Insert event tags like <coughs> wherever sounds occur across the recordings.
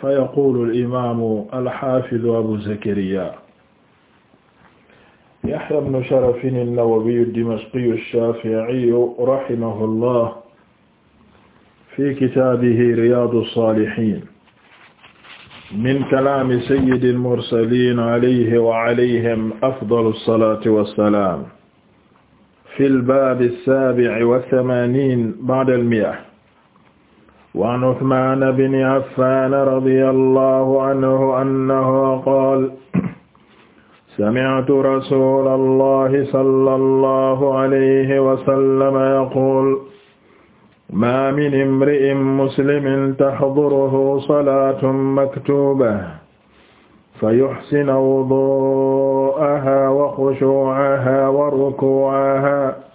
fa yaqulu al-imaamu al-haafidu abu zakariyaa yahyaa bnu sharafin an-nawawiyyu ad-dimashqiyyu ash-shaafi'iyyu rahimahullah fi kitaabihi riyaadu as-saalihiin min kalaami sayyidi al-mursaliin alayhi wa alayhim afdalu as-salaati was-salaam fi al-baabi as-saabi'i wa thamaaniina ba'da al-mi'a waan Usmaan bin Affaan radiyallahu anhu annahu qaala sami'tu rasuulallahi sallallahu alayhi wa sallam yaquulu maa min imri'in muslimin tahduruhu salaatun maktuubatun fayuhsinu wuduu'ahaa wa khushuu'ahaa wa rukuu'ahaa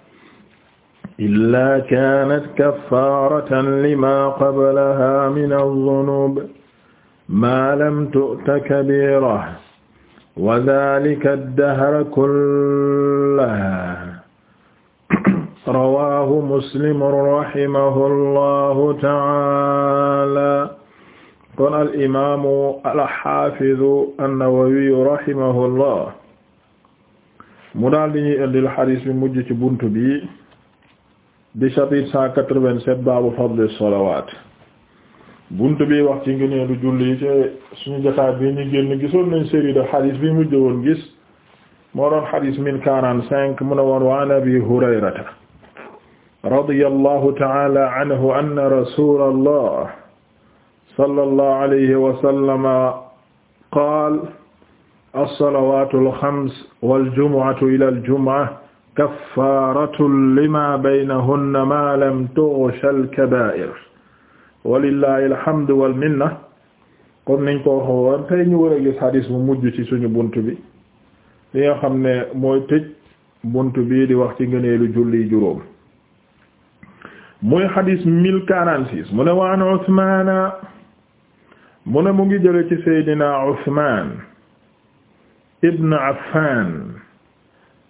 illaa kaanat kaffaaratan limaa qablahaa mina zunuub maa lam tu'ta kabiirahu wa zaalika dahra kullahu rawaahu muslim rahimahullahu ta'aala kon al imaamu al xaafidu an-Nawawi rahimahullah mu daal di ñuy indil xadiis bi mujj ci buntu bi. di chapitre cent quatre-vingt-sept baabu fadli salawaat bunt bi wax ci ngëneelu julli yi ci suñu jotaay bi ñu génn gisoon nañ série de xadis bi mujj woon gis moo doon xadis mille quarante-cinq mu ne woon wa an abi hurayrata radiyallahu ta'ala anhu anna rasulallah sallallahu alayhi wa sallama qaala as-salawaatu al-xams wal jumu'atu ila al-jumu'ah kaffaratun lima baynahunna ma lam tughsha al-kabaa'ir alhamdu wal minna comme niñ ko tey ñu war a gis bu mujj ci suñu bunt bi li nga xam ne mooy tëj bunt bii di wax ci ngëneelu julli juróom muy hadis mille quarante mu ne waan Usmaana mu ne mu ngi jële Seydina Usmaan ibn Affaan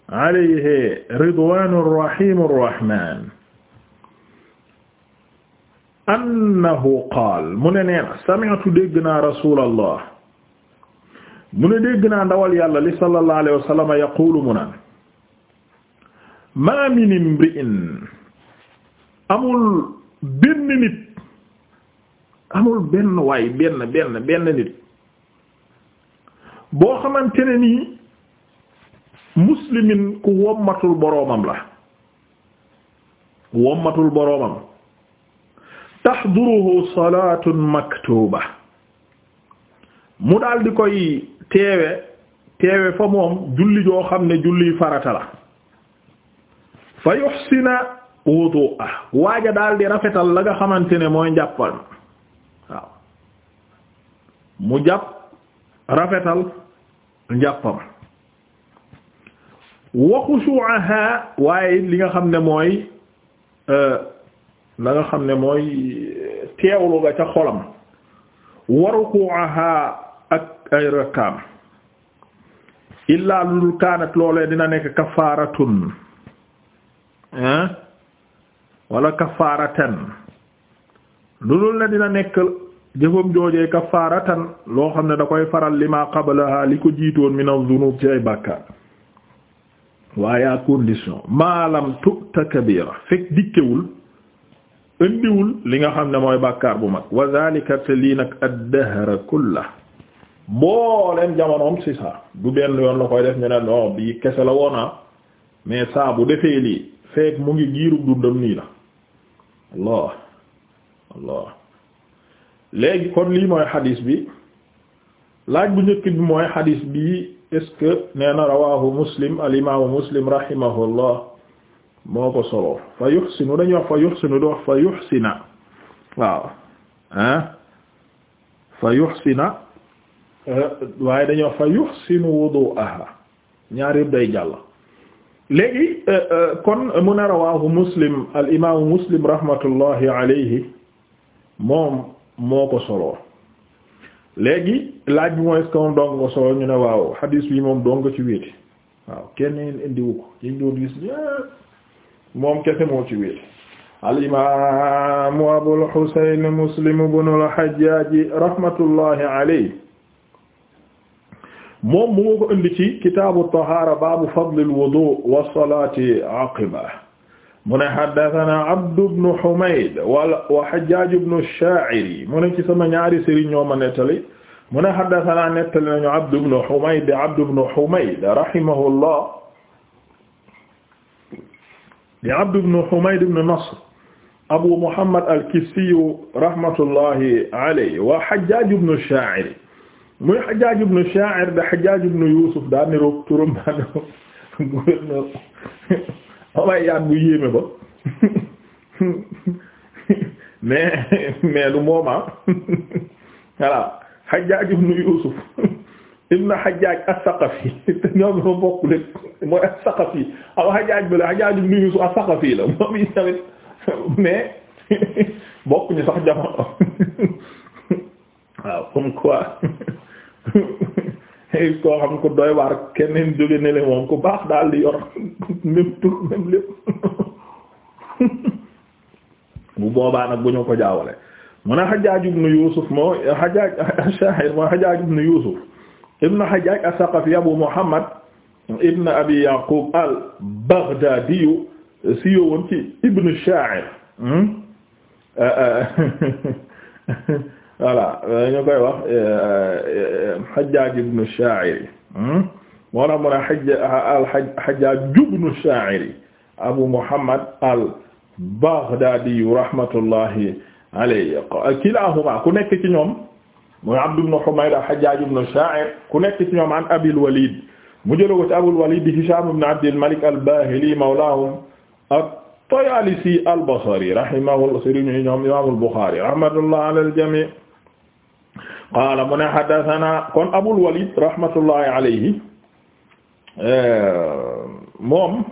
alayhi ridwanu rrahimu rrahman annahu qaal mu ne nee na sami'tu dégg naa rasulallah mu ne dégg naa ndawal yàlla li sallallahu alayhi wa sallam yaquulu mu naan ma min imri'in amul benn nit amul benn waay benn benn benn nit boo xamante ne nii muslimin ku wommatul boroomam la wommatul boroomam taxduruhu salaatun maktuba mu daldi koy teewe teewe fa moom julli joo xam ne julli farata la fa yuhsina wudu'a waaja daal di rafetal la nga xamante ne mooy njàppal mu jàpp rafetal njàppam wa xushu'aha waaye li nga xam ne mooy euh, la nga xam ne mooy euh, teewlu ga ca xolam wa ruku'aha ak ay rakam illaa ludul kaanat loolee dina nekk kafaaratun hein wala kafaaratan ludul ne dina nekk jëfam joojee kafaaratan loo xam ne da koy faral li ma qablaha li ko jiitoon min az-zunub ci ay waaye à condition maalam tu'ta kabira fekk dikkewul indiwul li nga xam ne mooy bàkkaar bu mag wa zalika te lii nag ad-dahra kullah booleen jamonoom si saa du benn yoon la koy def ñu ne non bii kese la woonaa ah. mais saa bu defee lii fekk mu ngi giirug dundam nii la allah allah léegi kon lii mooy xadiis bi laaj bu njëkk bi mooy xadiis bi est-ce que nee na rawahu muslim al imaamu muslim rahimahullah moo ko solo fa yuxsinu dañuy wax fa yuxsinu di wax fa yuxsina waaw ah fa yuxsina waaye dañuy wax fa yuxsinu wudu'aha ñaar yëpp day jàll léegi kon mu ne rawahu muslim al imaamu muslim rahmatullahi alayhi moom moo ko solo léegi laaj bi mooy est-ce que moom dong waaw hadis bi moom dong ci wéete waaw kenn indiwu ko yiñ moom kese moo ci wéete al imaamu abul husayn muslim ibn al hajjaaji rahmatullahi alayhi moom mu nga ko indi ci kitaabu tahaara baabu fadlil wudu wa salaati aqiba mu ne haddathana Abdu bnu Humayd wala wa Hajjaaj bnu Shaa'iri mu ne ci sama ñaari sëriñ ñoo ma nettali mu ne haddathana nettali nañu Abdu bnu Humayd Abdu bnu Humayd rahimahullah di Abdu bnu Humayd bnu Nasr Abu Muhammad al-Kissi rahmatullahi alayhi wa Hajjaaj bnu Shaa'iri muy Hajjaaj bnu Shaa'ir da Hajjaaj bnu Yuusuf daa niroog turam daa niroog gouverneur xaway yaat bu yéeme ba mais mais lu mooma ah. voilà Hajjaj ibn Yusuf ibn Hajjaj as-Saqafi te ñoom ñoo bokk mooy as-Saqafi aw Hajjaj bi la Hajjaj ibn Yusuf a saqafi la moom i tamit mais bokk ñu sax jamono waaw comme quoi koo xam ko doy waar keneen jóge ne leen moom ku baax daal di yor même bu boobaa nag bu ñu ko jaawale mu ne Hajjaaj ibn Yuusuf moo Hajjaaj ash-Shaa'ir moo Hajjaaj ibn Yuusuf ibn Hajjaaj as-Saqafi Abu Muhammad ibn Abi Yaqub al-Baghdaadi siiwoon ci ibn Shaa'ir hmm? <laughs> eh, eh. voilà euh, ñu koy wax euh, euh, Hajjaj ibn Sha'iri hmm? moo tax mu ne Hajjaj Hajjaj ibn Sha'iri Abu Muhammad al-Baghdadi rahmatullahi alayhi kilahuma ku nekk ci ñoom mooy Abd ibn Humayd Hajjaj ibn Sha'ir ku nekk ci ñoom an Abil Walid mu jël ko ci Abul Walid di Hisham ibn Abd al-Malik al-Bahili mawlahum at-Tayalisi al-Basri rahimahullah sëriñ ñoom Imam al-Bukhari rahmatullah ala al-jami' qaala mu ne haddathana kon Abul Walid rahmatullahi alayhi eh, moom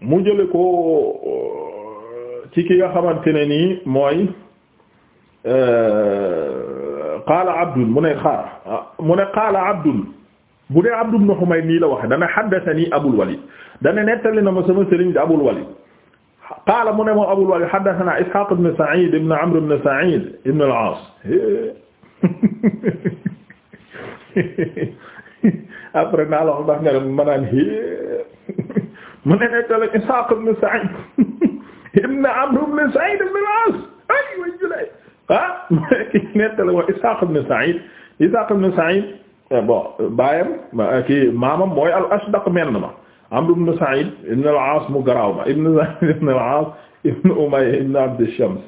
mu jële ko eh, ci ki nga xamante ne nii mooy eh, qaala Abdul mu ne xaar mu ne qaala Abdul bu dee Abdu ibn Humayd nii la waxe dana haddathani Abul Walid dana nettali na ma sama sëriñ di Abul Walid qaala mu ne moom Abul Walid haddathana Ishaq ibn Sa'id ibn Amr ibn Sa'id ibn al-As <laughs> après naa la wax ndax nga dem ma naan <laughs> mu ne nettali Isaaq ibn Sa'id <laughs> ibn Amr ibn Sa'id ibn al-As ay way julaay ah mu ne nettali wa Isaaq ibn Sa'id Isaaq ibn Sa'id eh, bon baayam kii maamam mooy al-Ashdaq menn ma Amr ibn Sa'id ibn al-As mu garaaw ma ibn Sa'id ibn al-As ibn Umayya ibn Abd ash-Shams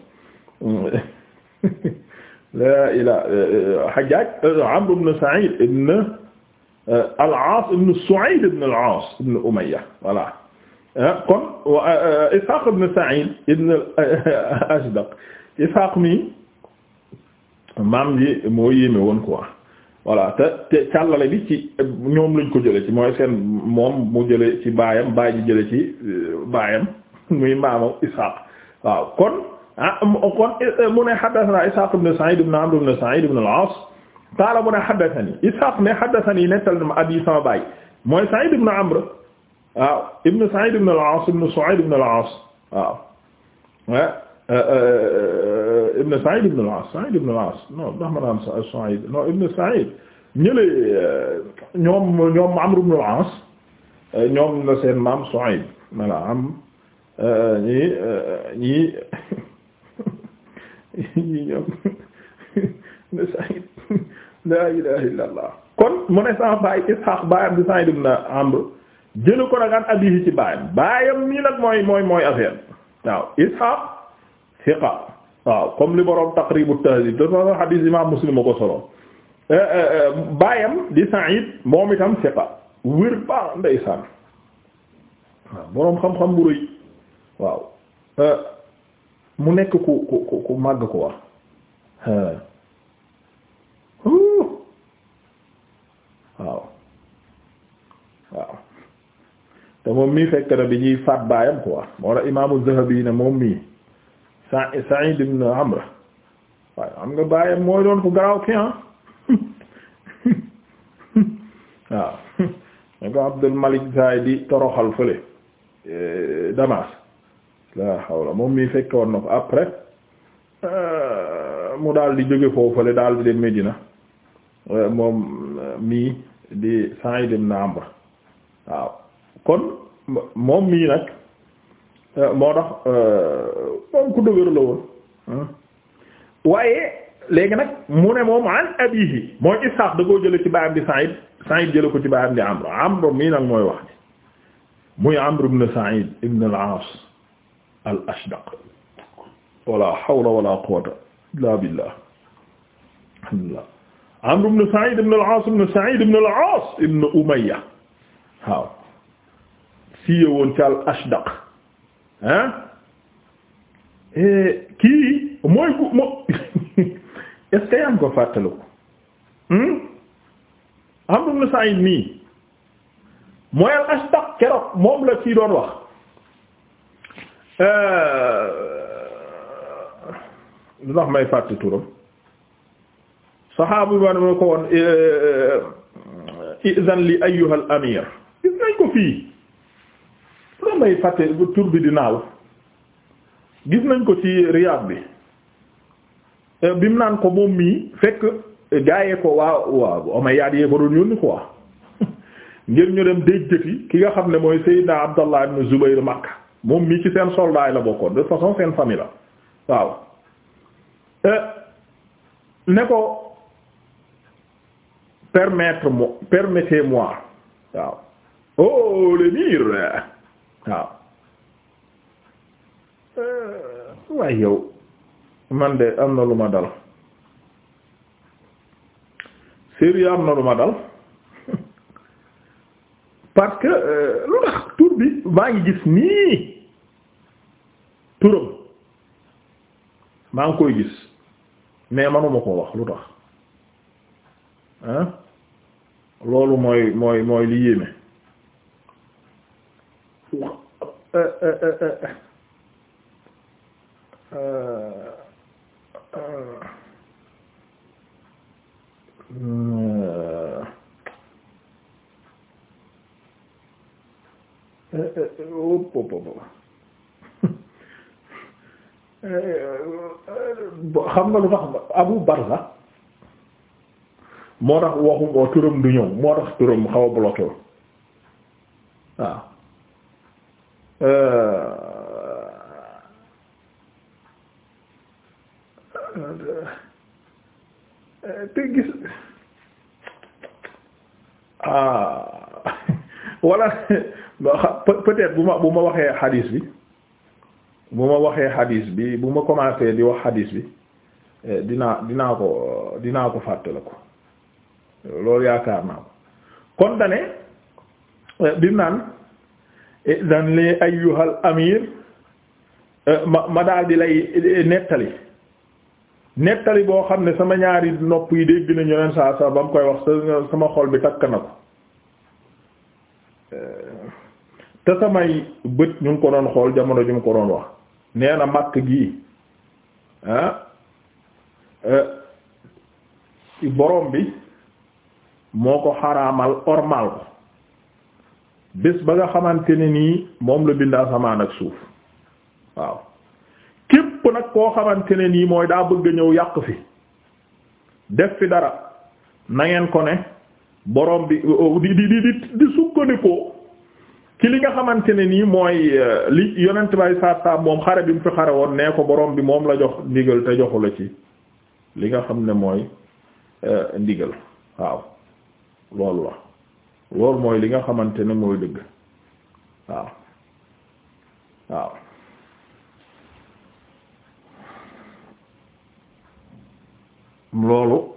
la ila eh, Hajjaj eh, Amr ibn Sa'id ibn eh, al-As ibn Su'ayd ibn al-As ibn Umayya voilà kon Ishaq ibn Sa'id ibn al-Ashdaq <laughs> Ishaq mi maam ji moo yéeme woon quoi voilà te te càllale bi ci ñoom lañ ko jële ci mooy seen moom mu jële ci baayam baay ji jële ci baayam muy maamam Ishaq waaw kon ah kon eh, eh, mu ne haddathana Ishaq ibn Sa'id ibn Amr ibn Sa'id ibn al-As qaala mu ne haddathani Ishaq ne haddathani nettal na ma abi sama baay mooy Sa'id ibn Amr waaw ibn Sa'id ibn al-As ibn Su'ayd ibn al-As waaw eh, ibn Sa'id ibn al-As Sa'id ibn al-As non ndax ma naan Su'ayd non ibn Sa'id ñële ñoom ñoom Amr ibn al-As ñoom la seen maam Su'ayd voilà am ñii ñii <laughs> yi ñoom ne Saïd la ilaha illa kon mu ne sa baay Ishaq baayam di Saïd ibn Amr jëlu ko nag an abihi ci baayam baayam nii nag mooy mooy mooy affaire waaw Ishaq thiqa waaw comme li boroom Taqrib at-Tahdhib dafa hadith imam Muslim ko solo eh, eh, eh, baayam di Saïd moom itam thiqa wér baax ndeysaan waaw boroom xam-xam bu waaw mu nekk ku ku ku màgg ko wax waaw waaw te moom mii fekk na bi ñuy faat baayam ko wax moo la imaamu Zahabi ne moom mii Sa- Sa'id ibn Amr waaye am nga baayam mooy doon ku garaaw ki ah <laughs> waaw <laughs> nga ko Abdul Malik Zaidi toroxal fële eh, Damas la hawla moom mi fekke woon na ko après euh, mu daal di jóge foofale daal di dem Medina euh, moom euh, mii di Sa'id ibn Amr waaw kon moom mii nag moo tax moom ku dëgër la woon waaye léegi nag mu ne moom an abihi mooy Ishaq da koo jële ci baayam di Sa'id Sa'id jële ko ci baayam di Amr Amr mii nag mooy wax ji muy Amr ibn Sa'id ibn al al ashdaq wala hawla wala quwwata illa billah alhamdulillah amr ibn sa'id ibn al-aas ibn sa'id ibn al-aas ibn umayya waaw si yowoon ci al ashdaq ah eh, kii mooy ku mo <laughs> est-ce que yaa ngi ko fàttaliku hmm? amr ibn sa'id nii mooy al ashdaq keroog moom la ci doon wax Euh, lu tax may fàtte turam saxaabu ba ma ko woon euh, euh, izan li ayyuhal amir gis nañ ko fii lu tax may fàtte tur bi di naaw gis nañ ko ci Riyad bi bi mu naan ko moom mii fekk gaayee ko waa waa Umayyad yee ko doon yónni quoi <laughs> ngir ñu dem déjjati ki nga xam ne mooy Seydina Abdallah ibn Zubayr Makka moom mii ci seen soldat yi la bokkoon de façon seen famille la waaw euh, ne ko permettre moi permettez-moi waaw oh l'émir waaw euh, waaye yow man de am na lu ma dal sérieux am na lu ma dal parce que euh, lu tax tur bi maa ngi gis nii turam maa ngi koy gis mais manuma ko wax lu tax ah loolu mooy mooy mooy li xam nga lu tax Abu Barza moo tax waxum oo turam du ñëw moo tax turam xaw a bloqué wu te gis ah wala <laughs> peut-être bu ma bu ma waxee xadiis bi bu ma waxee xadiis bi bu ma commencé di wax xadiis bi eh, dinaa dinaa ko dinaa ko fàttale ko loolu yaakaar naa ko kon dane eh, bi naan idan li ayyuhal amir eh, ma ma daal di lay nettali nettali boo xam ne sama ñaari nopp yi dégg nañu leen saa saa ba mu koy wax sama xol bi takk na ko Euh, te samay bët ñu ngi ko doon xool jamono ju mu ko doon wax nee na makk gii ah euh, borom bi moo ko xaraamal ormal ko bés ba nga xamante ne nii moom la bind asamaan ak suuf waaw képp nag koo xamante ne nii mooy daa bëgg a ñëw yàq fi def fi dara nangeen ko ne. borom bi oh, oh, di di di sukkandikoo ci li nga xamante ne nii mooy eh, li yonent bay saab saab moom xare bi mu fi xare woon nee ko borom bi moom la jox ndigal te joxu la ci li nga xam ne mooy eh, ndigal waaw loolu la loolu mooy li nga xamante ne mooy dëgg waaw waaw loolu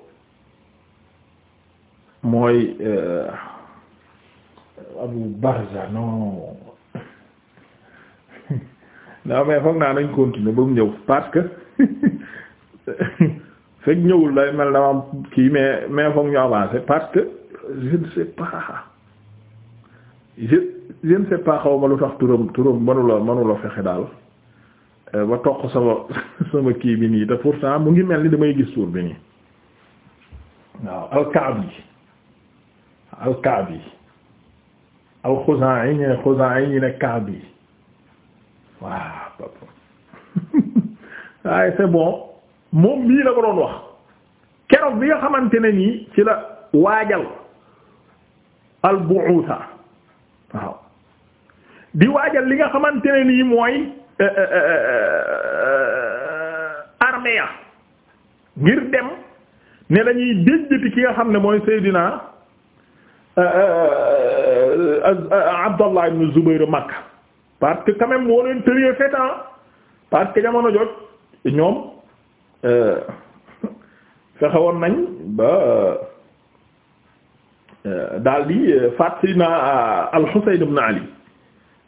mooy euh, Abu Barza non <laughs> non mais foog naa nañ continuer ba mu ñëw parce que <laughs> fekk ñëwul day mel dama am kii mais mais foog ñu avancer parce que je ne sais pas je ma lu tax turam turam manula manula fexe daal euh, ba toq sama <laughs> sama kii bi nii te pourtant mu ngi mel ni damay gis tur bi nii waaw alkaab yi al-Ka'bi al-Khuzaa'i ñu ne Khuzaa'i ñu ne Ka'bi waaw <laughs> waaye c'est bon moom mii la ko doon wax keroog bi nga xamante ne nii ci la waajal al-bu'utha waaw di waajal li nga xamante ne nii mooy euh, euh, euh, armée ya ngir dem ne lañuy déjjati ki nga xam ne mooy Seydina Euh, euh, euh, Abdallah ibn Zubayr Makka parce que quand moo leen tëree fetan parce que jamono jot ñoom <laughs> fexe nañ ba daal di faat Sayyidina al-Husayn ibn Ali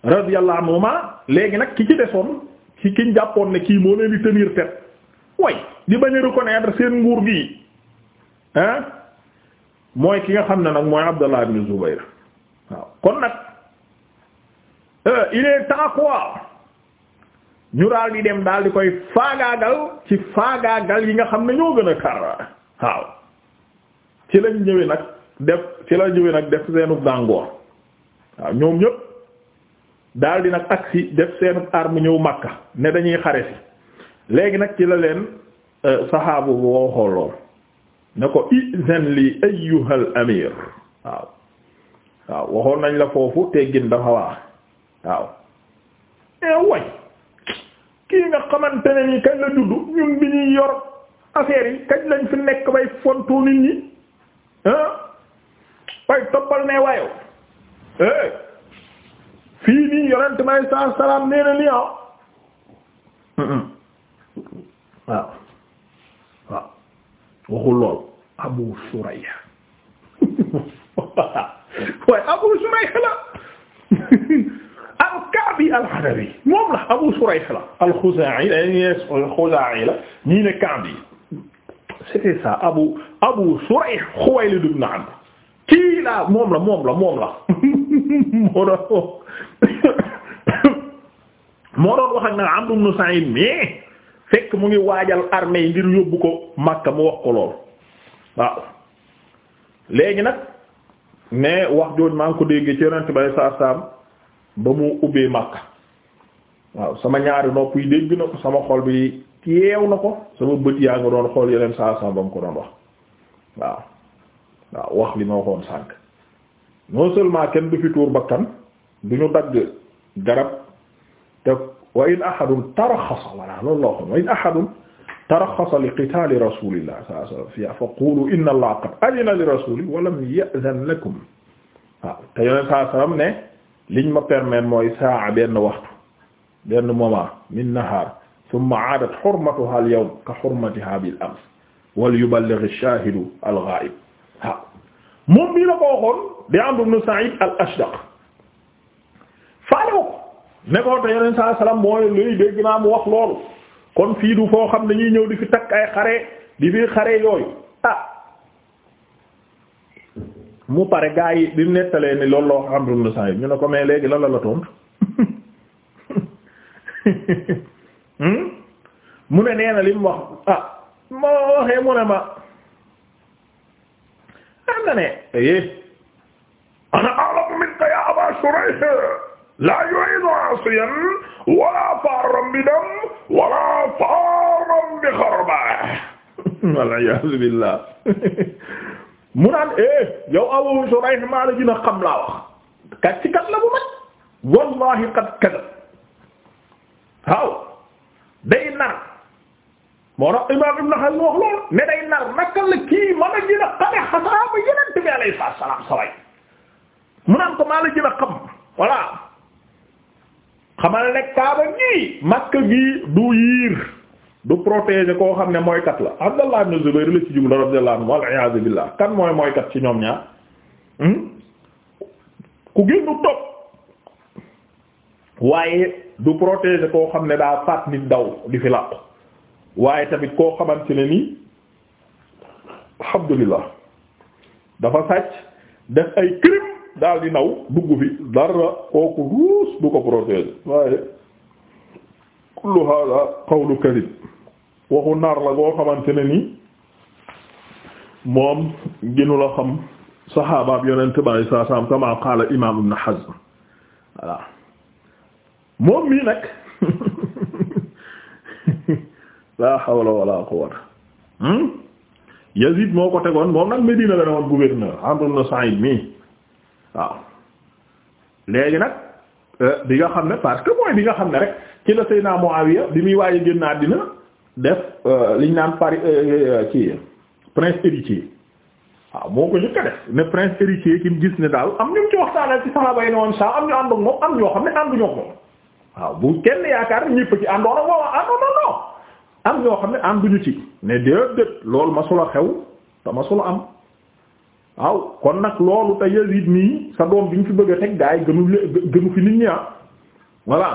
radiyallahu anhuma léegi nag ki ci desoon ki kiñ jàppoon ne kii moo leen di tenir tête way di bañ a seen nguur gi hein mooy ki nga xam ne nag mooy Abdallah ibn Zubayr waaw kon nag euh, il est temps ñu daal di dem daal di koy faagaagal ci faagaagal yi nga xam ne ñoo gën a kar waaw ci lañ ñëwee nag def ci la ñëwee nag def seenub gàngoor waaw ñoom ñëpp daal di nag agsi def seenub arme ñëw Makka ne dañuy xare si léegi nag ci la leen euh, saxaabu bu wow xool ne ko izan li ayyuhal amir waaw waxoon nañ la foofu teggin dafa waax waaw ee eh, way kii nga xamante ne kañ la juddu ñun bi ñuy yor affaire yi kañ lañ fi nekk bay fontu nit ñi ah toppal ne waayoo eh. fii nii yonent may saa salaam nee nii ah waaw waxul lool Abu Shurayh <laughs> waaye Abu Shurayh la <laughs> al-Ka'bi al-Hanafi moom la Abu Shurayh la al-Khuzaa'i al-Khuzaa'i la ñii ne Ka'bi Abu Abu Shurayh Khuwaylid ibn Amr kii la moom la moom la moom la <laughs> moo doon <coughs> fekk mu ngi waajal armée yi ngir yóbbu ko Makka mu wax ko lool waaw léegi nag mais wax jooju maa ngi ko déggee ci yonent bay saa saam ba mu ubbee Makka waaw sama ñaari nopp yi dégg na ko sama xol bi yeew na ko sama bët yaa nga doon xool yeneen saa saam ba mu ko doon wax waaw waaw wax li ma waxoon sànk non seulement kenn du fi tuur bakkan du ñu dagg garab te wa in ahadun taraxasa voilà loolu loo xam wa in ahadun taraxasa li qitaali rasulillah sallallahu alayhi wa sallam fa qulu inna allaha qad adina li rasuli wa lam ya'zan lakum waaw te yoneen saa sallam ne liñ ma permettre mooy saa benn waxtu benn moment min nahaar thumma aadat hurmatuha al yawm ka hurmatiha bil ams wal yuballigh ash-shahidu al ghaib waaw moom bii la ko waxoon di Amr ibn Sa'id al Ashdaq faale ko nekkoon te yeneen saa salaam mooy léegi dégg naa mu wax loolu kon fii du foo xam ne ñuy ñëw di fi takk ay xare di fi xare yooyu ah mu pare gaa yi di nettalee ni loolu loo xam ne saa yi ñu ne ko mais léegi lan la la tontu <laughs> hmm? mu ne nee na li wax ah mu ne ma am ne eh, ana a'lamu minka ya Aba Shurayh laa yuridu aasiyan wala faaran bi dam wala faaran bi xarba <laughs> wala yaasu billah <laughs> mu naan eh yow Abu Shurayh maa la gën a xam laa wax kat ci kat la bu mag wallahi qad kadab waaw day nar moo tax Imaam Ibn Hazm wax loolu ne day nar naka la kii mën a gën a xame xasaaba Yonent bi alayhi salaam saway mu naan ko maa la gën a xam voilà. xamal ne kaaba gii makka gii du yiir du protéger koo xam ne mooykat la Abdallah ibn Zubayr la ci jublu radiyallahu anhu wal iyaazu billah kan mooy mooykat ci ñoom ñaar hmm? ku génn topp waaye du protéger koo xam ne daa faat nit daw di fi làqu waaye tamit koo xamante ne nii alhamdulillah dafa sàcc def ay crime daal di naw dugg fi dara kooku ruus du ko protéger waaye kullu hada qawlu kadib waxu nar la goo xamante ne moom gënu la xam saxaabaab yonent bi saa saam kama qaala imaam Ibn Hazm voilà moom mii nag <laughs> laa hawla wala quwwata hmm? Yazid moo ko tegoon moom nag Medina la ne woon gouverneur Amr ibn Sa'id mii waaw léegi nag euh, bi nga xam ne parce que mooy bi nga xam ne rek ci la Seydina Muawiya bi muy waaye génn àddina def euh, liñ naan pari ci euh, prince héritier waaw moo ko njëkk a def ne prince héritier ki mu gis ne daal am ñu mu ci waxtaanal ci saxaaba yi ne woon am ñu àndoon moom am ñoo xam ne ànduñoo ko moom waaw bu kenn yaakaar ñëpp ci àndoon ak moom àndoon ak moom am ñoo xam ne ànduñu ci ne déedéet loolu ma sula xew te ma am waaw kon nag loolu te Yazid nii sa doom bi ñu fi bëgg a teg gaa yi gënu gënu fi nit ñi ah voilà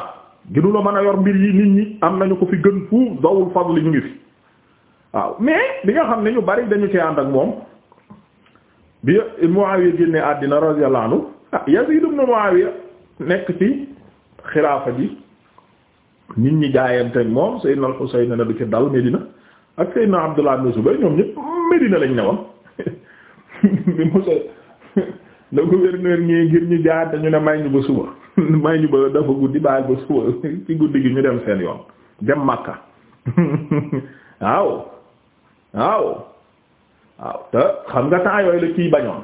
gënu la mën a yor mbir yi nit ñi am nañu ko fi gën fu dawul fadli ñu ngi fi waaw mais bi nga xam ne ñu bari dañu ci ànd ak moom bi Muawiya génne àddina radiyallahu anhu ah Yazid ibn Muawiya nekk ci xilaafa bi nit ñi jaayante moom Sayyidina al-Husayn na du ci dal Medina ak Sayyidina Abdullah ibn Zubayr ñoom ñëpp Medina lañ ne woon <laughs> bi musa na gouverneur ñi ngir ñu jaar dañu ñu ne may ñu ba suba <laughs> may ñu ba dafa guddi baal ba suba <laughs> ci guddi gi ñu dem seen yoon dem Makka <laughs> waaw waaw te xam nga temps yooyu la kii bañoon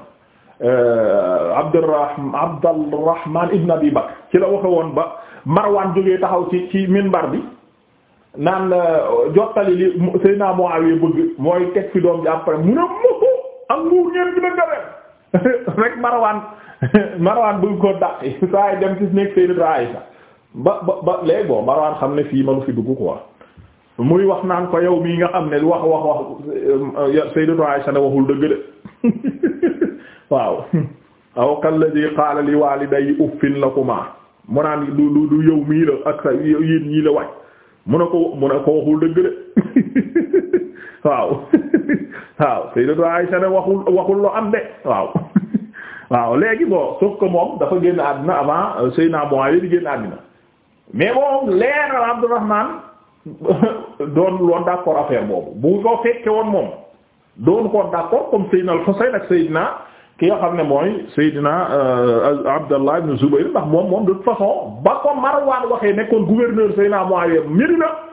euh, Abdurrahman Abdurrahman ibn Abi Bakr ci la waxe woon ba Marwan jógee taxaw ci ci minbar bi naan euh, jottali li Seydina Muawiya bëgg mooy teg fi doom ji après mu ne am nguur ñeen <laughs> <laughs> ko dàqi <laughs> saa yi dem ci nekk Sayyidatu Aisha ba ba ba léegi bon Marwan xam ne fii manu fi dugg quoi muy wax naan ko yow mii nga xam ne wax wax wax euh, euh, Sayyidatu Aisha ne waxul dëgg de waaw aw kalladhi qaala li waalidayhi uffin lakumaa mu naan du du du yow mii la ak sa yéen ñii la waaj mu ne ko mu ne ko waxul dëgg de waaw waaw Sayyidatu Aisha ne waxul waxul lu am de waaw <laughs> waaw léegi bon sauf que moom dafa génn àddina avant euh, Seydina Muawiya di génn àddina mais moom leer na Abdurrahman <laughs> doon loon d'accord affaire boobu bu ko fekke woon moom doon ko d'accord comme Seydina al-Husayn ak Seydina ki nga xam ne mooy Seydina euh, Abdallah ibn Zubayr ndax moom moom de toute façon ba ko Marwaan waxee nekkoon gouverneur Seydina Muawiya Medina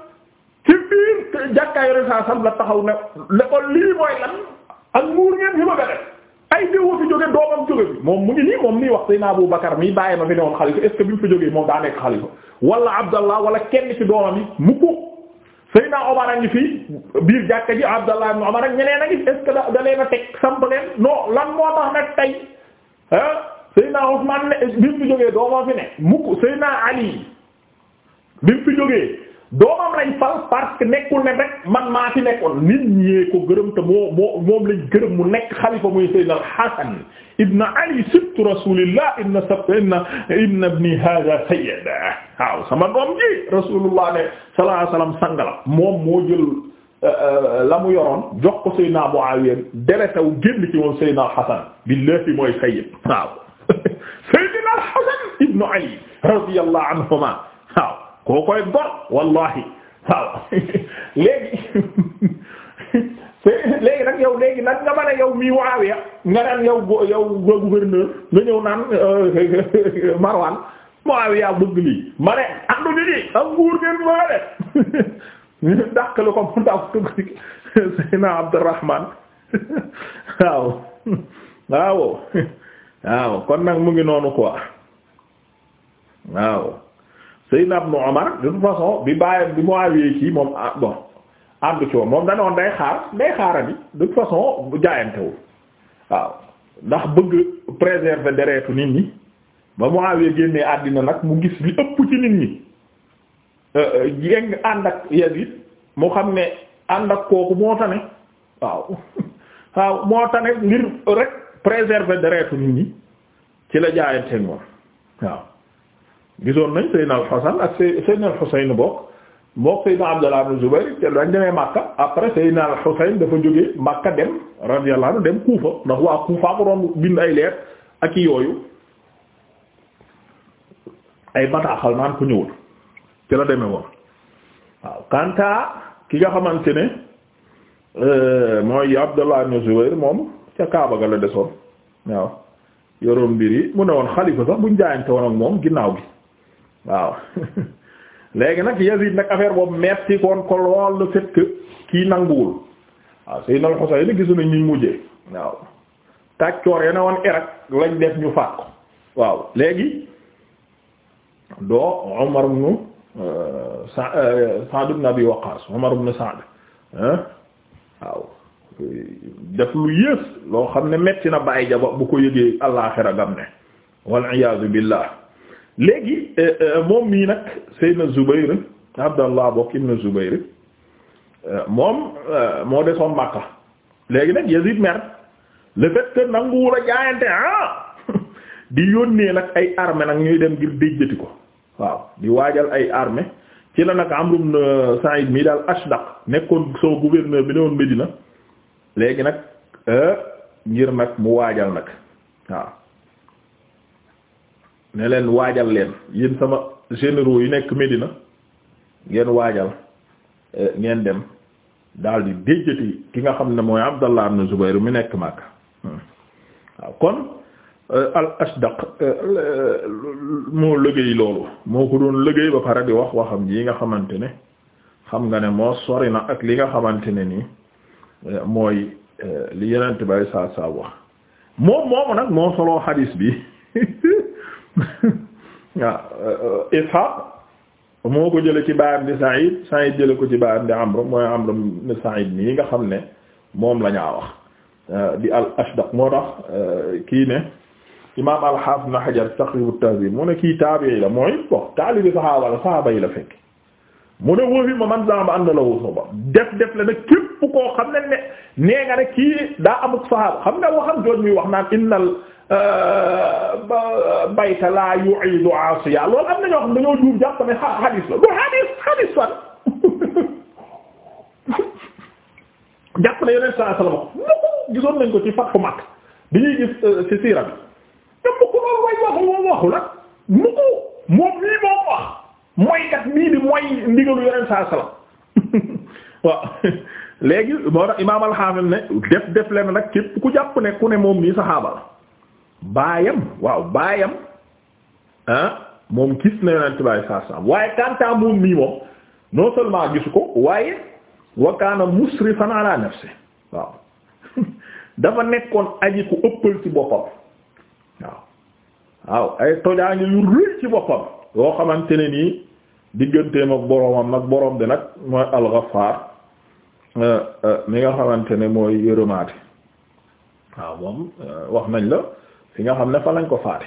jàkkaay yore saa la taxaw na le kon lii mooy lan ak muur ngeen fi ma ay déwoo fi jóge doomam jóge bi moom mu ngi moom nii wax sayna Abu Bakar mii bàyyi ma fi ne woon xalifa est ce que bi mu fi jógee moom daa nekk xalifa wala Abdallah wala kenn ci doomam yi mu ko sayna Omar a biir jàkka ji Abdallah ibn Omar ak ñeneen a ngi est ce que da leen a teg lan moo tax nag tey ah sayna Usman ne bi mu fi jógee doomam fi ne mu ko sayna Ali bi fi jógee doomam lañ fal parce que nekkul ne man maa fi nekkoon gërëm te moo moom lañ gërëm mu nekk xalifa muy sayyidna al-Hasan ibn Ali sibtu rasulillah inna sabna ibn ibni hadha sayyid waaw sama doom ji rasulullah ne moom euh, euh, la mu yoroon jox ko sayyidna Muawiya deletaw génn ci moom sayyidna al-Hasan billahi mooy sayyid waaw <laughs> al-Hasan ibn Ali radiyallahu anhuma waaw koo koy gor wallahi waaw <laughs> léegi <laughs> léegi nag yow léegi nag nga mën a yow mii waawiya nga naan yow yow gouverneur nga naan euh, <laughs> Marwan Muawiya bëgg lii ma ne andu ni nii ak nguur ngeen bi ma def ñu ko mu daw tugg Seydina Abdurrahman waaw waaw waaw kon nag mu ngi noonu quoi waaw Seydina Ibn Umar de toute façon bi bàyyam bi Muawiya kii moom ah bon ànd ci moom da noon day xaar day xaarandi de toute façon jaayantewul waaw ndax bëgg préserver deretu nit ñi ba Muawiya génnee àddina nag mu gis bi ëpp ci nit ñi euh, euh, yéng ànd ak Yazid mu xam ne ànd ak kooku moo tane waaw <laughs> waaw moo tane ngir rek préserver deretu nit ñi ci la jaayante moom waaw gisoon nañ Seydina al-Hasan ak Seydina al-Husayn bokk mook Seydina Abdallah Zubayr te dafa jógee Makka dem radiyallahu anhu dem Kuufa ndax waa Kuufa ko doon bind ay leer ak i yooyu ay bataaxal naan ko ñëwul ci ki nga xamante ne euh, mooy Abdallah ibn Zubayr moom ca Kaaba ga la desoon waaw yoroon mbir yi mu ne woon xalifa sax buñ jaayante woon ak moom ginnaaw bi waaw <laughs> léegi nag Yazid nag affaire boobu metti koon ko lool le fait que kii nanguwul waaw Sayyidna al-Husayn gisu nañ ñu mujjee waaw tàccoor ya ne woon lañ def ñu faat waaw léegi doo Umar ibn euh, Sa'd euh, ibn Abi Waqqas Umar ibn Sa'd waaw def lu yées loo xam ne metti na bàyyi jaba bu ko yëgee àllaaxira gam ne wal iyaazu billaah léegi euh, euh, moom mii nag Seydina Zubayr Abdallah bokk ibn Zubayr euh, moom moo desoon Makka léegi nag Yazid mer le fait que nanguwul jaayante ah <laughs> di yónnee nag ay armée nag ñuy dem ngir déjjati ko waaw di waajal ay arme ci la nag Amr ibn Sa'id mii daal Ashdaq nekkoon soo gouverneur bi newoon Médina léegi nag ngir nag mu waajal nag waaw ne leen waajal leen yéen sama généraux yi nekk Médina ngeen waajal eh, ngeen dem daldi di déjjati ki nga xam ne mooy Abdallah ibn Zubayr mu nekk Makka hmm. waaw kon eh, al Ashdaq eh, moo liggéey loolu moo ko doon liggéey ba pare di wax waxam ji nga xamante ne xam nga ne moo sori na ak li nga xamante ne nii mooy li yenent bay saa saa wax moom moomu nag moo soloo xadiis bi <laughs> <laughs> waaw euh, Ishaq moo ko jële ci baayam di Sa'id Sa'id jële ko ci baayam di Amr mooy Amr ibn Sa'id nii nga xam ne moom lañaa wax euh, di al-Ashdaq moo tax euh, kii ne imaam al-Hafiz Ibn Hajar Taqrib mu ne kii taabi'i la mooy bon taalibi saxaaba la saxaaba yi la fekk mu ne wóofi ma man zamba ànd la wóof ba def def la nag képp koo xam ne ne nee nga ne kii daa amuk saxaaba xam nga waxam jooj muy wax naan innal Euh, bayta la yu'idu asiya loolu am na ñoo xam dañoo juum jàpp ne xadis la du xadis xadis fan <laughs> jàpp ne yonent sallallahu alayhi wasallam mukk gisoon nañ ko ci Fathu Makka bi ñuy gis euh, ci siira bi te mukk loolu way waxu moom waxu la mukk moom lii moom wax mooy kat mii di mooy ndigalu yonent sallallahu alayhi wasallam <laughs> waaw <laughs> léegi moo tax imaam al ne def def leen nag képp ku jàpp ne ku ne moom mii saxaaba baayam waaw baayam ah moom gis na yonent baay saa waaye kantaa moom mii moom non seulement gisu ko waaye wa kaana musrifan ala nafsi waaw <laughs> dafa nekkoon aji ku ëppal ci boppam waaw waaw ay tojaange yu rëy ci boppam yoo xamante ne nii digganteem ak boromam nag borom bi nag mooy al-Ghaffar euh, euh, mi nga xamante ne mooy yërëmaate waaw moom euh, wax nañ la fi xam ne fa lañ ko faate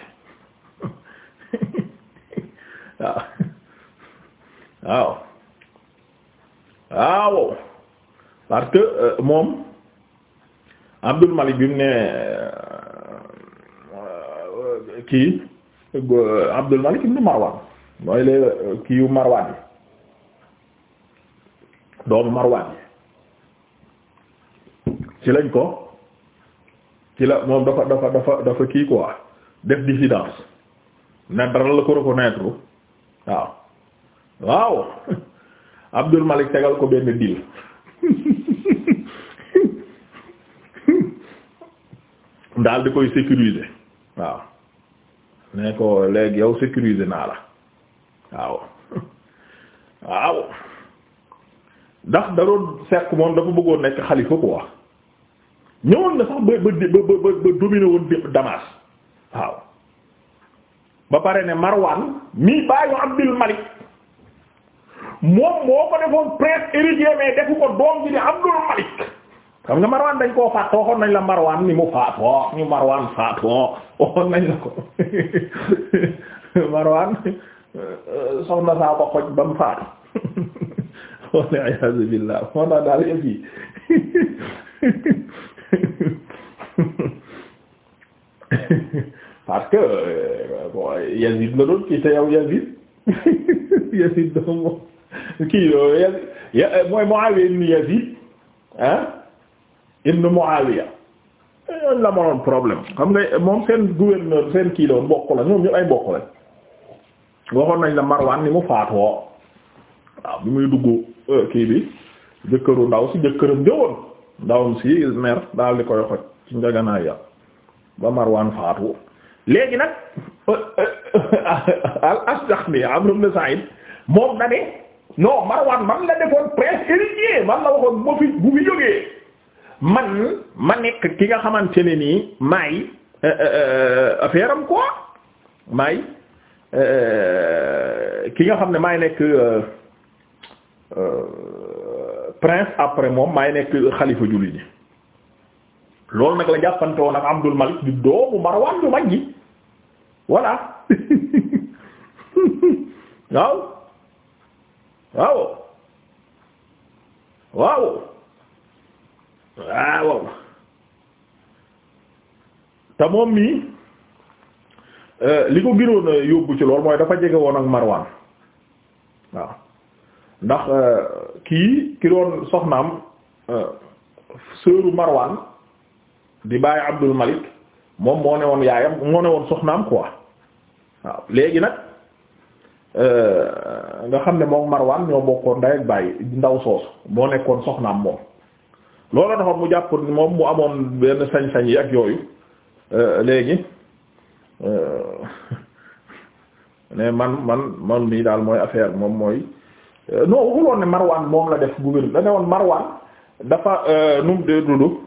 waaw waaw waaw parce que euh, moom Abdul Malik bi mu ne euh, kii euh, Abdul Malik ibn Marwan mooy Marwan yi doomu Marwan yi ci lañ ko ci la moom dafa dafa dafa dafa kii quoi def dissidence na dara la ko reconnaître waaw waaw <laughs> Abdul Malik tegal ko benn dil <laughs> daal di koy sécuriser waaw ne ko léegi yow sécuriser naa la waaw <laughs> waaw ndax da set sekk moom dafa bëggoon nekk xalifa quoi ñëwoon na sax ba ba ba ba dominé woon Damas waaw ba pare ne Marwan mii baayu Abdul Malik moom moo ko defoon prince héritier defu ko doom bi ne Abdul Malik xam nga Marwan dañ koo faat waxoon nañ la Marwan ni mu faatoo ñu Marwan faatoo waxoon nañ la ko <laughs> Marwan euh, soxna saa ko xoj ba mu faatu <laughs> walla iyaazu billaah moo naa daal yëpp yi <laughs> <laughs> parce que euh, bon Yazid la doon kii te yow Yazid <laughs> Yazid doon moom kii euh, Yazid euh, mooy Muawiya ibn Yazid ah ibn Muawiya ñooñu eh, la manoon problème xam nga moom seen gouverneur seen kii la woon bokk la ñoom ñëpp ay bokk lañ waxoon nañ la Marwan ni mu faatoo waaw bi muy dugg kii bi jëkkëru ndaw si jëkkëram jëwoon ndawam si mer daal di koy xoj ci njaganaay ya ba Marwan faatu léegi nag <laughs> al Asjaxmi Amr ibn Sa'id moom na ne non Marwan man la defoon prince héritier man la waxoon bu fi bu fi jógee man ma nekk ki nga xamante ne nii maay eh, eh, eh, affaire am quoi maay ki nga xam ne maay nekk euh, euh, prince après moom maay nekk xalifa julli ñi loolu nag la jàppante woon ak Abdul Malik di doomu Marwan yu mag yi voilà <laughs> waaw waaw waaw te moom mii euh, li ko gënoon yóbbu ci lool mooy dafa jege woon ak Marwan waaw ndax euh, kii ki doon soxnaam euh, sëru Marwan di bàyyi Abdul Malik moom moo ne woon yaayam moo ne woon soxnaam quoi waaw léegi nag euh, nga xam ne moom Marwan ñoo bokkoon ndey ak bàyyi ndaw soosu moo nekkoon soxnaam moom loolu taxoon mu jàpp moom mu amoon benn sañ-sañ yi ak yooyu léegi mais <laughs> man man man mii daal mooy affaire moom mooy Euh, non waxul woon ne Marwan moom la def gouverneur da woon Marwan dafa euh, nu mu dee dudd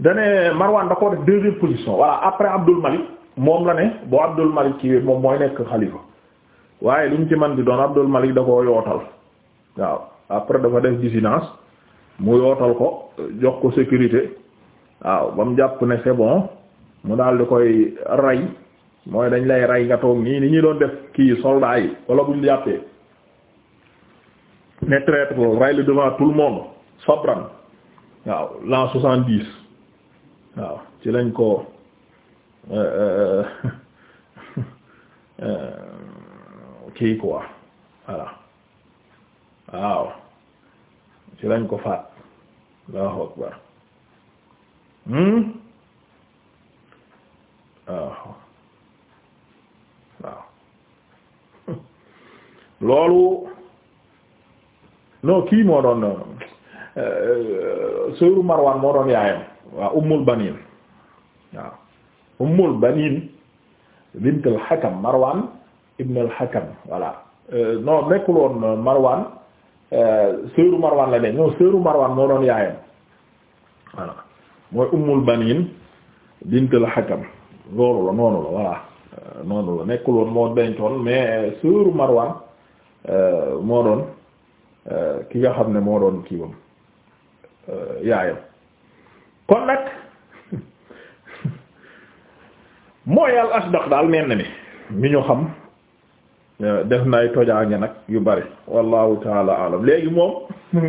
da ne Marwan da koo def deuxième position voilà après Abdul Malik moom la ne boo Abdul Malik kii moom mooy nekk xalifa waaye lu mu ci man di doon Abdul Malik da koo yootal waaw après dafa def dissidence mu yootal ko jox ko sécurité waaw ba mu jàpp ne c'est bon mu daal di koy rey. mooy dañ lay rey nga toog nii ni ñuy doon def kii soldat yi wala buñ jàppee ne devant tout le monde l'an soixante dix waaw ci lañ ko euh, euh, <laughs> euh, kii quoi voilà waaw ci lañ ko faat Allahu akbar hmm? waaw waaw loolu non kii moo doon euh, sëru Marwan moo doon yaayam waaw ummul baniin waaw ummul baniin bint al Hakam ibn al Hakam voilà euh, non nekkul woon euh, Marwan sëru Marwan la ne non sëru Marwan moo doon yaayam voilà mooy ummul baniin bint al loolu la noonu la voilà Euh, noonu la nekkul woon moo dencoon mais sœur Marwan euh, moo doon euh, ki nga xam ne moo doon kii wam yaayam kon nag <laughs> mooy al asdaq daal mel na mi ñu xam def na tojaange nag yu bari wallahu taala alam léegi moom <laughs>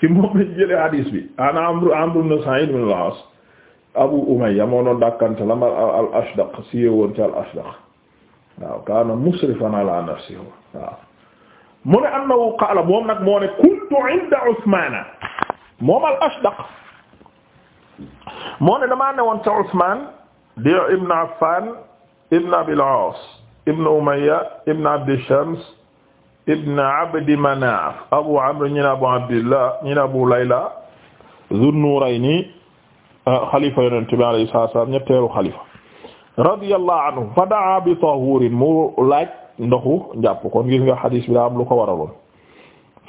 ci moom lañ jële hadis bi ana amru amru ibn Sa'id ibn al-As abu umayya moo doon dàkkante la ma al ashdaq siye woon ci al ashdaq waaw kaana musrifan ala nafsihi waaw mu ne annahu qaala moom nag moo ne kuntu inda usmaana moom al ashdaq moo ne damaa newoon ca usmaan di ibn affan ibn abil aas ibn umayya ibn abdi shams ibn abdi manaaf abu amr ñi ne abu abdillah ñi ne abu layla zun nurayni Euh, xalifa yonent bi alayhi salaatu wa salaam ñetteelu xalifa anhu fa daa bi tahurin mu laaj ndoxu njàpp kon gis nga xadiis bi daa am lu ko waraloon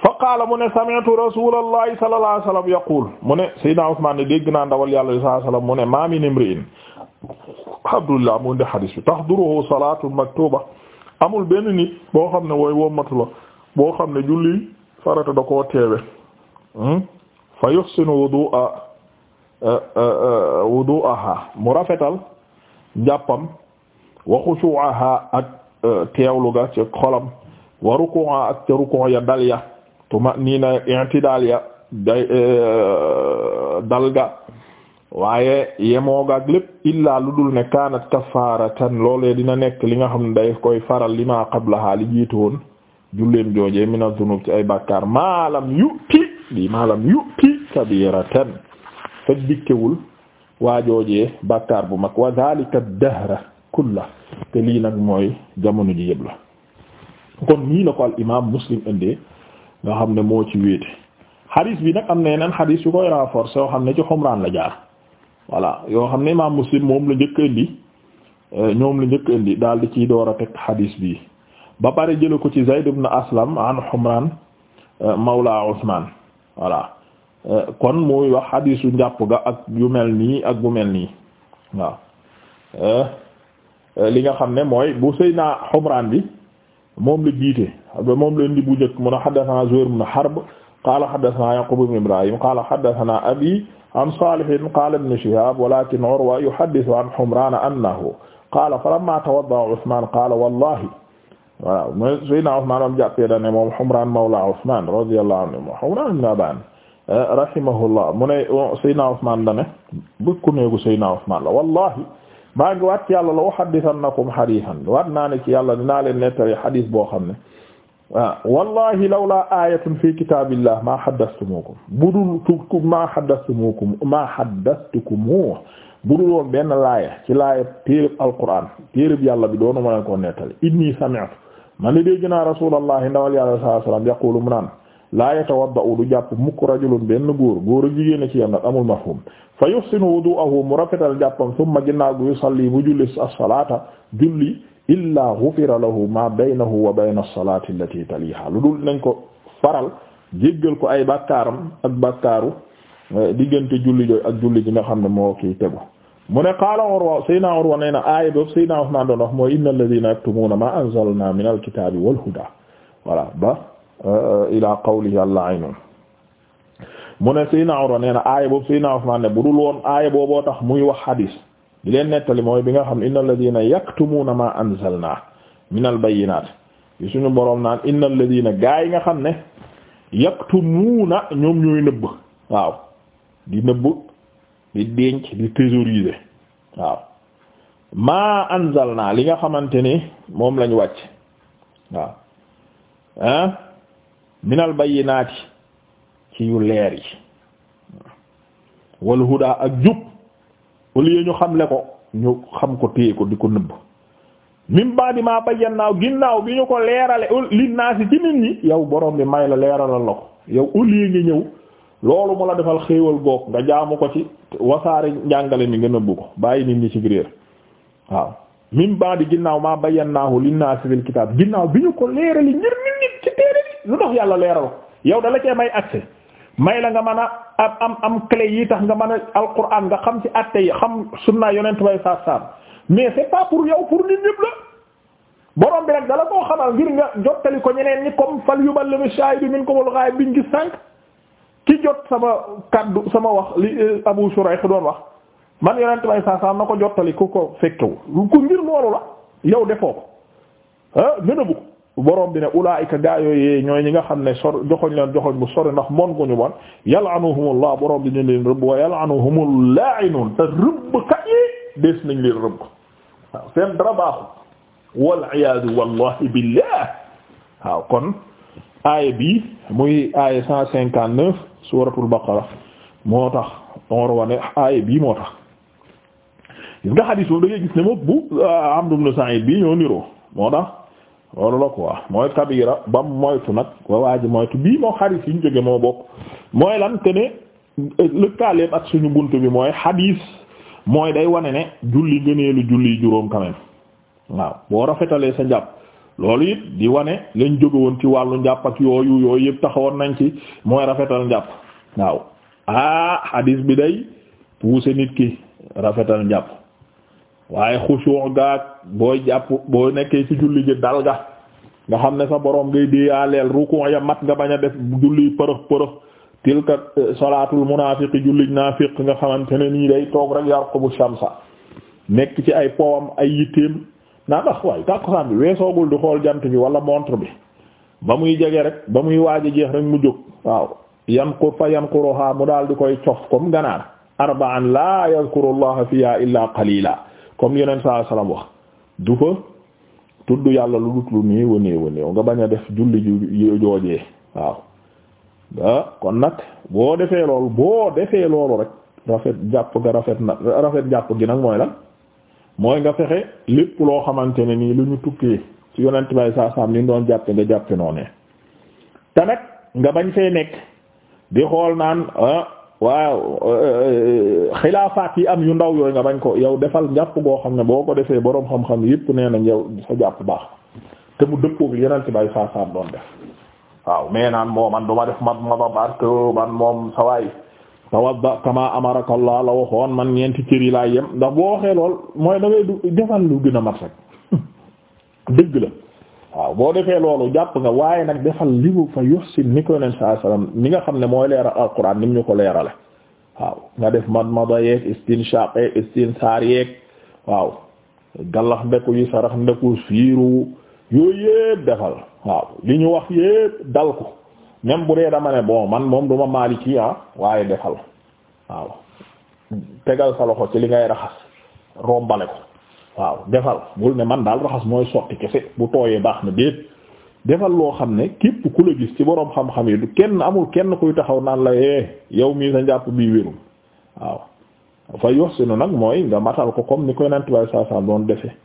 fa qaala mu ne sami'tu rasulallahi sallallahu alayhi wa yaqul mu ne sayyidina Usmaan ne dégg naa ndawal yàlla sallallahu mu ne ma min imri'in abdullah mu ndi xadiis bi tahduruhu salaatun maktuba amul benn boo xam ne wooy wommatu boo xam ne julli farata da teewe hmm? fa yuhsinu wudu'a Euh, euh, euh, wudu'aha mu rafetal njàppam wa xushu'aha ak teewlu ga ci xolam wa ruku'a ak ca ya dal ya tuma'nina i'tidal ya day dal waaye yemoo gaag lépp illaa lu dul ne kaanat kafaratan loolee dina nekk li nga xam ne day koy faral li ma qablaha li jiitu woon mina zunub ci ay bàkkaar maalam yu'ti di maalam yu'ti kabiratan fekk waa waajoojee bakkaar bu mag wa zalika dahra kulla te lii nag mooy jamono ji yëpp la kon nii la ko al imam muslim indee nga xam ne moo ci wéete xadis bi nag am na yeneen xadis yu koy renforcer yoo xam ne ci xumraan la jaar voilà yoo xam ne imam muslim moom la njëkk indi eh, ñoom la njëkk indi daal di ciy door a teg xadis bi ba pare jële ko ci zayd ibn aslam an xumraan eh, mawla usman voilà kon muy wax xadiisu njàpp ga ak yu mel nii ak bu mel nii waaw eh, eh, li nga xam ne mooy bu Seydina Humraan bi moom la jiite moom la indi bu njëkk mun a haddasanaa Zuhayr ibn Harb qaala haddasanaa Yaquub ibn Ibraahiim qaala haddasanaa abii an Saalih qaala ibn Shihaab walaakin Urwa yuhaddisu an Humraan annahu qaala falammaa tawadda'a Usmaan qaala wallaahi waaw mooy Seydina Usmaan am jàppee da ne moom Humraan mawlaa Usmaan radiyallaahu anhu Humraan ibn Affaan rahimahullah mu ne Seydina Usmaan la ne bëkku néegu Seydina la wallahi maa ngi waat ci la uhaddisannakum hadiisan waat naa ne ci yàlla dinaa leen nettali hadis boo xam ne ah wallahi lawlaa aayatun fi kitaabillah maa haddastumukum budul budul woon benn laaya ci laaya téereb alquraan téereb yàlla bi doonu ma leen nettali inni sami'tu man dégg naa rasuulallahi ndawal yàlla sallallahu alayhi yaqulu mu laa yatawadda'u du jàpp mukk rajulun benn góor góor a jigéen a ci amul mafhum fa yuhsinu wudu'ahu mu rafetal jàppam summa ginnaaw gu yusalli mu julli as-salaata julli illaa ghufira lahu ma baynahu wa bayna as-salaati allati taliha lu dul nañ ko faral jéggal ko ay bakkaaram ak bàkkaaru eh, diggante julli jooy ak julli ji nga xam ne moo ki tegu mu ne qaala Urwa Seydina Urwa nee na aaya boobu Seydina Usmaan doon wax mooy innal ladina yaktumuna ma anzalna minal kitaabi wal huda voilà ba Euh, ila qawlihi al-la'inu mu ne Seyna Urwa nee aaya boobu Seyna Usmaan ne bu dul woon aaya booboo tax muy wax hadis di leen nettali mooy bi nga xam ne innal ladina yaktumuuna ma anzalna minal bayyinaat boroom naan innal gaa yi nga xam ne yaktumuuna ñoom ñooy nëbb waaw di nëbb di denc di thésauriser waaw maa anzalna li nga xamante ni moom lañu wàcc waaw ah minal bayyinaati ci yu leer yi wal huda ak jub au lieu ñu xamle ko ñu xam ko téye ko di ko nëbb min ba'di ma bayyannaaw ginnaaw bi ñu ko leerale linnaasi ci nit ñi yow borom bi may la leeralal la yow au lieu nga ñëw loolu mu la defal xéewal goog nga jaamu ko ci wasaare njàngale mi nga nëbbu ko bàyyi nit ñi ci réer waaw min ba'di ginnaaw ma bayyannaahu linnaasil kitaab ginnaaw bi ñu ko leerali ngir nit ñi lu tax yàlla leeral yow dala cee may accès may la nga man a am am am yi tax nga mën a alquran nga xam ci atte yi xam sunna yonent way sa sam mais c'est pas pour yow pour nit ñëpp la borom bi rek dala koo xamal ngir nga jottali ko ñeneen ñi comme fal yuballighu shaahidu minkumul ghaayib biñ gis sànq ki jot sama kàddu sama wax li eh, Abu Shurayh doon wax man yonent way sa sam na ko jottali ku ko fekkewu ku ngir loolu la yow defoo ko ah nënabu borom bi ne ulaa'ika gaa yooyee ñooy ñi nga xam ne sor joxoñ leen joxoñ bu sori ndax mon gu ñu bon yal'anuhumullah borom bi ñu leen rëbb wa yal'anuhumul laa'inuun te rëbbkat yi des nañ leen rëbb waaw seen dara baaxul wal iyaadu wallahi billah waaw kon aaya bi muy aaya 159 suuratul baqara moo tax door wane aaya bi moo tax gis nga xadiis boobu da gis ne moom bu Amr ibn Sa'id bi ñoo niroo moo tax loolu la quoi mooy kabira bam moytu nag ba waa ji moytu bii moo xarit yi ñu jóge moo bokk mooy lan ne euh, lëkkaaleem ak suñu bunt bi mooy xadiis mooy day wane ne julli ngëneelu julli juróom quand waaw boo rafetalee sa njàpp loolu it di wane lañ jóge woon ci wàllu njàpp ak yooyu yooyu yëpp taxawoon nañ ci mooy rafetal njàpp waaw ah xadiis bi day pousser nit ki rafetal njàpp waaye xusuu gaag boo jàpp boo nekkee ci julli ji dal ga nga xam ne sa borom ngay déeyaaleel ruku ya mat nga bañ a def julli përëx përëx tilka eh, salaatul munaafiqi julli naafiq nga xamante ne nii day toog rek yar ko bu shamsa nekk ci ay powam ay yitteem naa ndax waay tàkkusaan bi weesoogul di xool jant bi wala montre bi ba muy jege rek ba muy waaj a jeex rek mu jóg waaw yan yanqur fa yanquruha mu daal di koy cof comme ganaar arba'an laa yazkurullaha fiha comme yeneen saa salaam wax du fa tudd yàlla lu dut lu néew a néew a néew nga bañ a def julli ju joojee waaw ah kon nag boo defee loolu boo defee loolu rek rafet jàpp nga rafet na rafet jàpp gi nag mooy la mooy nga fexe lépp loo xamante ne nii lu ñu tukkee ci yonent bay saa saam li ñu doon jàppe nga jàppe noonee te nag nga bañ fee nekk di xool naan ah, waaw euh, xilaafaat yi am yu ndaw yooyu nga bañ ko yow defal njàpp goo xam ne boo ko defee boroom xam-xam yépp nee nañ yow sa jàpp baax te mu dëppoog yeneen ci bay saa doon def waaw mais naan moo man duma def mat ma ba parce que man moom sa waay tawadda kama amaraka Allah la waxoon man ñeenti cër yi laa yem ndax boo waxee lool mooy da ngay du defal lu gën a mat rek <laughs> dëgg la. waaw boo defee loolu jàpp nga waaye nag defal li mu fa yuhsin ni ko yonent saa sallam mi nga xam ne mooy leeral alquran ni mu ñu ko leerale waaw nga def madmada yeeg istinshaq yeeg istinsaar yeeg waaw gallax ndeku yi sarax ndeku siiru yooyu yépp defal waaw li ñu wax yépp dal ko même bu dee dama ne bon man moom duma maliki ah waaye defal waaw tegal sa loxo ci li ngay raxas rombale ko waaw defal bul ne man daal raxas mooy sotti kese bu tooyee baax na déet defal loo xam ne képp ku la gis ci boroom xam-xam yi du kenn amul kenn kuy taxaw naan la eh, yow mii sa njàpp bii wérul waaw fa yoxsinu nag mooy nga matal ko comme ni koy nant baay saa saa doon defee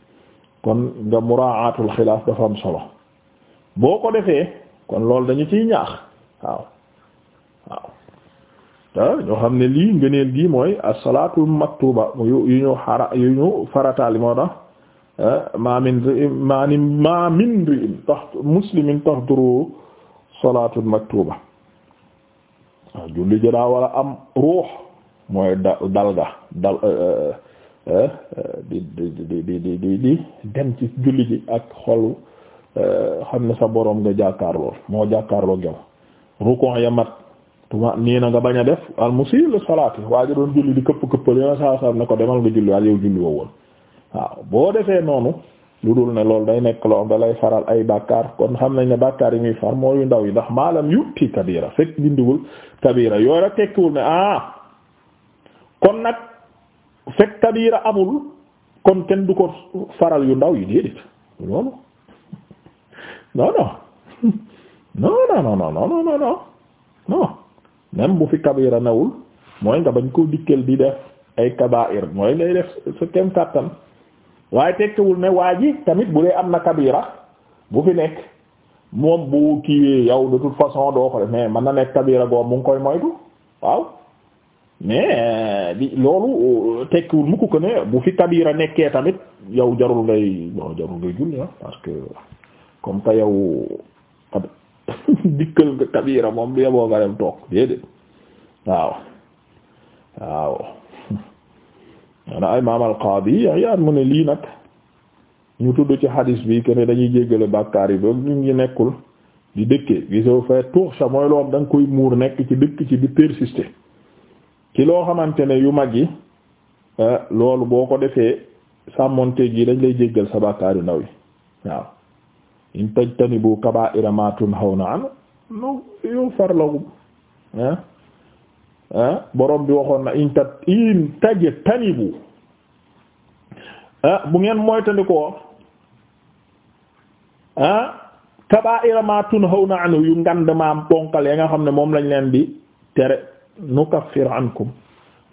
kon nga muraatul xilaaf dafa am solo boo ko defee kon loolu dañu ciy ñaax waaw waaw Ah, ñoo xam ne lii ngëneel gi mooy as-salaatu maktuba yu yu ñu xara yu ñu farataali moo tax ah, ma min ma ni ma min ri tax muslimin tax duru salaatu maktuba waaw ah, julli ji daa war a am ruux mooy da dal ga dal eh, eh, eh, di di di di di di dem ci julli ji ak xolu xam ne sa boroom nga jàkkaarloo moo jàkkaarloo yow rukon ya mat tuma nii na nga bañ a def al musiil salaati waa ji doon julli di këpp këppal yoon saa saa ne ko demal nga julli waaye yow julli woo woon waaw boo defee noonu lu dul ne loolu day nekk loo da faral ay bàkkaar kon xam nañ ne bàkkaar yi muy far mooy ndaw yi ndax maalam yutti kabira fekk dindiwul kabira yooyu rek tekkiwul ne ah kon nag fekk kabira amul kon kenn du ko faral yu ndaw yi déedéet loolu <laughs> non non non non non non même bu fi kabira nawul mooy nga bañ koo dikkal di def ay kabair mooy ngay def sa kem kàttan waaye tekkiwul ne waa ji tamit bu dee am na kabira bu fi nekk moom bu kiiwee yow de toute façon doo ko def mais na nekk kabira goom mu ngi koy moytu waaw mais loolu tekkiwul mu ko ko ne bu fi kabira nekkee tamit yow jarul ngay jarul ngay julli ah parce que comme que yow <laughs> dikkal nga kabira moom du yeboo nga dem toog déedéet waaw waaw <laughs> ana imaam al qaadi Iyaad mu ne lii nag ñu tudd ci hadis bi que ne dañuy jéggale bàkkaar yi ba ñu ngi nekkul di dëkkee gisoo fee tuux sa mooy loolu da koy muur nekk ci dëkk ci di persister ci loo xamante ne yu mag yi eh, loolu boo ko defee sàmmonte gi dañ lay jéggal sa bàkkaar yu ndaw yi waaw in tajtanibu kabaa'ira maa tunhawna an nu yufar lakum ah ah borom bi waxoon na in taj in ah, bu ngeen moytandikoo ah kabaa'ira maa tunhawna an yu ngand maam ponkal ya nga xam ne moom lañ leen di tere nukaffir ankum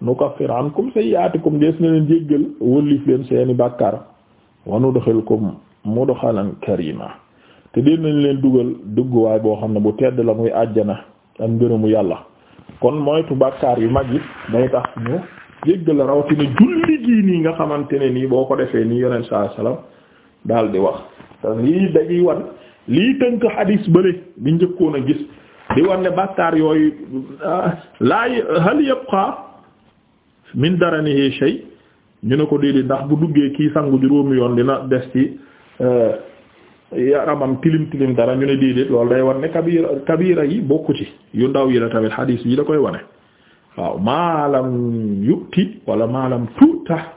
nukaffir ankum sayyi'atikum des na leen jéggal wëllif leen seeni bàkkaar wa nudkhilkum mudkhalan karima te dinañ leen dugal dugguwaay boo xam ne bu tedd la muy àjjana ak ngërëmu yàlla kon moytu bàkkaar yu mag yi day tax ñu jéggal rawatina julli gii nii nga xamante ne nii boo ko defee nii yonent saa salaam daal di wax te lii dañuy wan lii tënk xadiis bële bi njëkkoon a gis di wan ne bàkkaar yooyu ah, laa hal yabqa min daranihi shay ñu ne ko déedéet ndax bu duggee kii sangu juróomi yoon dina des ci euh, yaramam tilim tilim dara ñu ne déedéet loolu day wan kabira kabira yi bokku ci yu ndaw yi la tamit xadiis yi da koy wane waaw maalam yutti wala maalam tuuta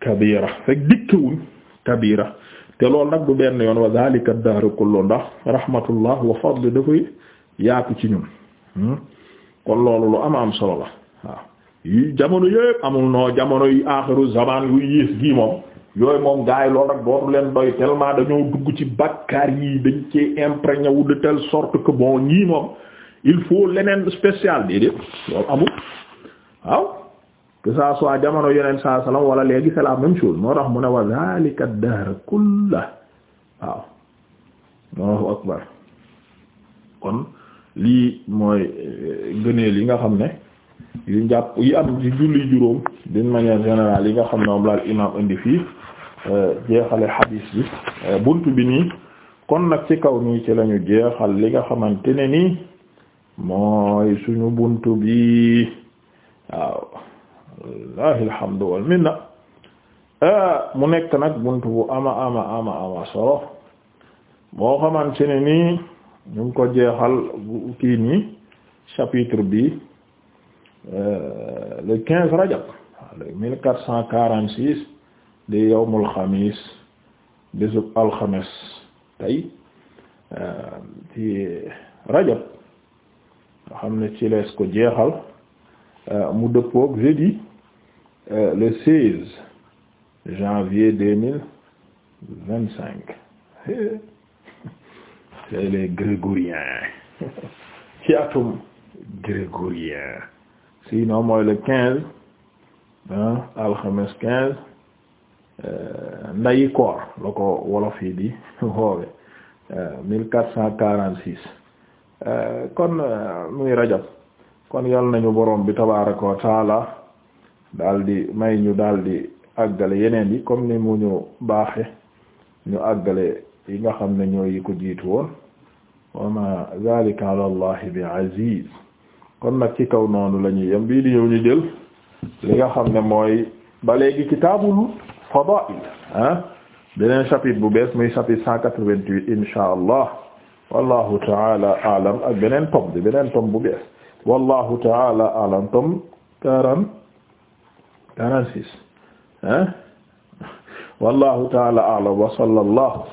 kabira fekk dikkewul kabira te loolu nag du benn yoon wa zalika ad-dahr kullu ndax rahmatullah wa fadl dafay yaatu ci ñun hmm? kon loolu lu am am solo la waaw jamono yëpp amul noo jamono yu aaxiru zaman yu yiis gi moom yooyu moom gars yi loolu rek dootu leen doy tellement dañoo dugg ci bakkaar yi dañ ci imprégné wu de telle sorte que bon ñii moom il faut leneen spécial déedéet loolu amul waaw que ça soit jamono yeneen saa salaam wala léegi c'est la même chose moo tax mu ne wa zalika ad-dahr kullah waaw Allahu akbar kon lii mooy euh, gëneel yi nga xam ne yu njàpp yi am ci julli juróom d'une manière générale yi nga xam ne moom laal imam indi fii jeexale hadis bi euh, buntu bi nii kon nag ci kaw nii ci lañu jeexal li nga xamante ne nii mooy suñu bunt bi waaw wallahi alhamdu wal na euh, mu nekk nag buntu bu ama ama ama ama solo boo xamante ne nii ñu ngi ko jeexal bu kii nii chapitre bi euh, le quinze rajab le mille quatre cent quarante six di yawmul xamiis bésub alxames tey euh, ci rajab xam na ci les ko jeexal euh, mu dëppook jeudi euh, le 16 janvier 2025 c'est les grégoriens <laughs> ci atum grégorien sinon mooy le 15 ah alxames Euh, ndayi koor la ko wolof yi di woowe euh, mille quatre euh, kon muy rajab kon yal nañu borom bi tabaaraka wa taala daldi may ñu daldi àggale yeneen yi comme ni mu ñu baaxe ñu àggale yi nga xam ne ñooy yi ko jiitu woon wa ma zalika ala bi aziz kon nag ci kaw noonu la ñuy yem bii di ñëw ñu jël li nga xam ne mooy ba léegi kitaabul fadaa'il ah beneen chapitre bu bees muy chapitre cent quatre-vingt-huit inshaa Allah wallahu taala alam ak beneen tome de beneen tome bu bees wallahu taala alam tome quarante quarante-six ah wallahu taala alam wa sallallahu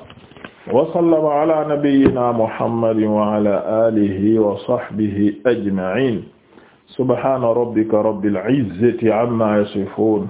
wa sallama ala nabiyyina muhammadin wa ala alihi wa sahbihi ajma'in subhana rabbika rabbil izzati amma yasifun